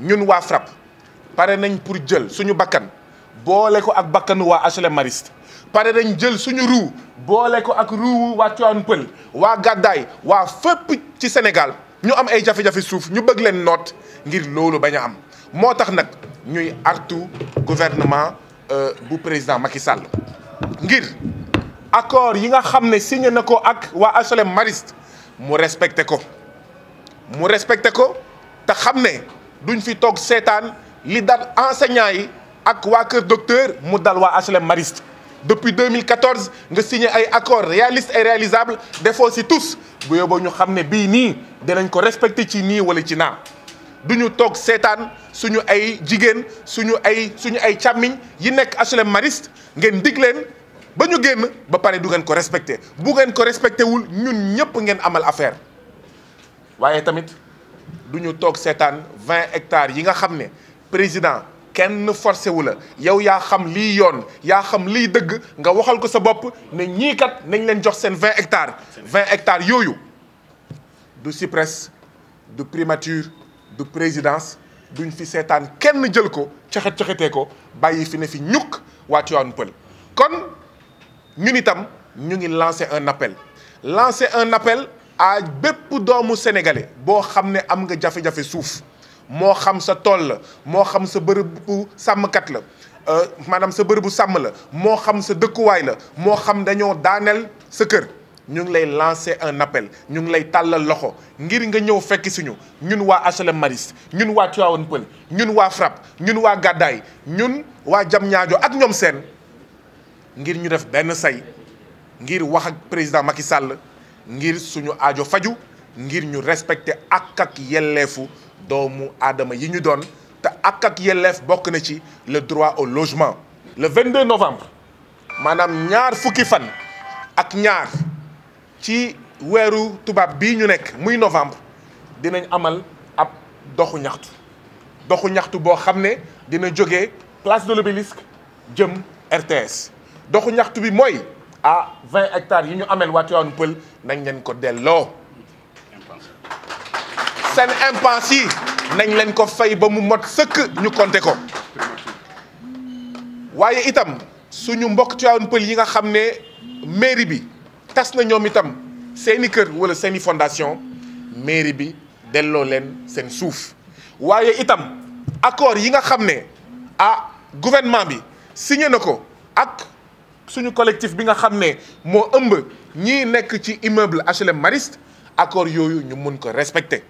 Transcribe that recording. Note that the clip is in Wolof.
ñun waa FRAPP pare nañ pour jël suñu bakkan boole ko ak bakkanu waa HLM Mariste pare nañ jël suñu ruu boole ko ak ruu waa Tivaouane Peulh waa Gàddaay waa fépp ci Sénégal ñu am ay jafe-jafe suuf ñu bëgg leen noot ngir loolu bañ a am moo tax nag ñuy artu gouvernement euh, bu président Macky Sall ngir accord yi nga xam ne signé na ko ak waa HLM Mariste mu respecte ko mu respecté ko te xam ne duñ fi tok sétane li dal enseignant yi ak wa keur Docteur mu dal wa HLM Mariste depuis 2014 nga signé ay accords réalistes et réalisables defoo ci tous bu yóbboo ñu xamné bi ni nii dinañ ko respecter ci ni wala ci naa duñu tok sétane suñu ay jigen suñu ay suñu ay chamign yi nek HLM Mariste ngeen dig leen ba ñu genn ba paré du ngeen ko respecter bu ngeen ko respecter wul ñun ñëpp ngeen amal affaire waaye tamit. du ñu toog seetaan vingt hectares yi nga xam ne président kenn forcé wu la yow yaa xam lii yoon yaa xam lii dëgg nga waxal ko sa bopp ne ñii kat nañ leen jox seen vingt hectare vingt hectares yooyu du CIPRES du primature du présidence duñ fi seetaan kenn jël ko caxat caxatee ko bàyyi fi ne fi ñukk waa Tivaouane Peulh kon ñun itam ñu ngi lancer un appel lancer un appel à bépp doomu sénégalais boo xam ne am nga jafe-jafe suuf moo xam sa tool la moo xam sa bërëbu sàmmkat la euh, maanaam sa bërëbu sàmm la moo xam sa dëkkuwaay la moo xam dañoo daaneel sa kër ñu ngi lay lancer un appel ñu ngi lay tàllal loxo ngir nga ñëw fekk si ñu ñun waa HLM Maristes ñun waa Tivaouane Peulh ñun waa FRAPP ñun waa Gàddaay ñun waa Diamniadio ak ñoom seen ngir ñu def benn say ngir wax ak président Macky Sall. ngir suñu aajo faju ngir ñu respecter ak ak yellefu doomu adama yi ñu doon te ak ak yellef bokk na ci le droit au logement. le 22 novembre manam ñaar fukki fan ak ñaar ci wéru tubab bi ñu nek muy novembre dinañ amal ab doxu ñaxtu doxu ñaxtu bo xam dina joggé place de l'Obélisque jëm RTS doxu ñaxtu bi moy ah 20 hectares yi ñu amel waa Tivaouane Pël nañ leen ko delloo seen impenses yi nañ leen ko fay ba mu mot sëkk ñu compter ko waaye itam suñu mbokk Tivaouane Pël yi nga xam ne mairie bi tas na ñoom itam seeni kër wala seeni fondation mairie bi delloo leen seen suuf waaye itam accord yi nga xam ne ah gouvernement bi signé na ko ak suñu collectif bi nga xamné mo moo ëmb ñii nekk ci immeuble HLM Mariste accord yoyu ñu mën ko respecter.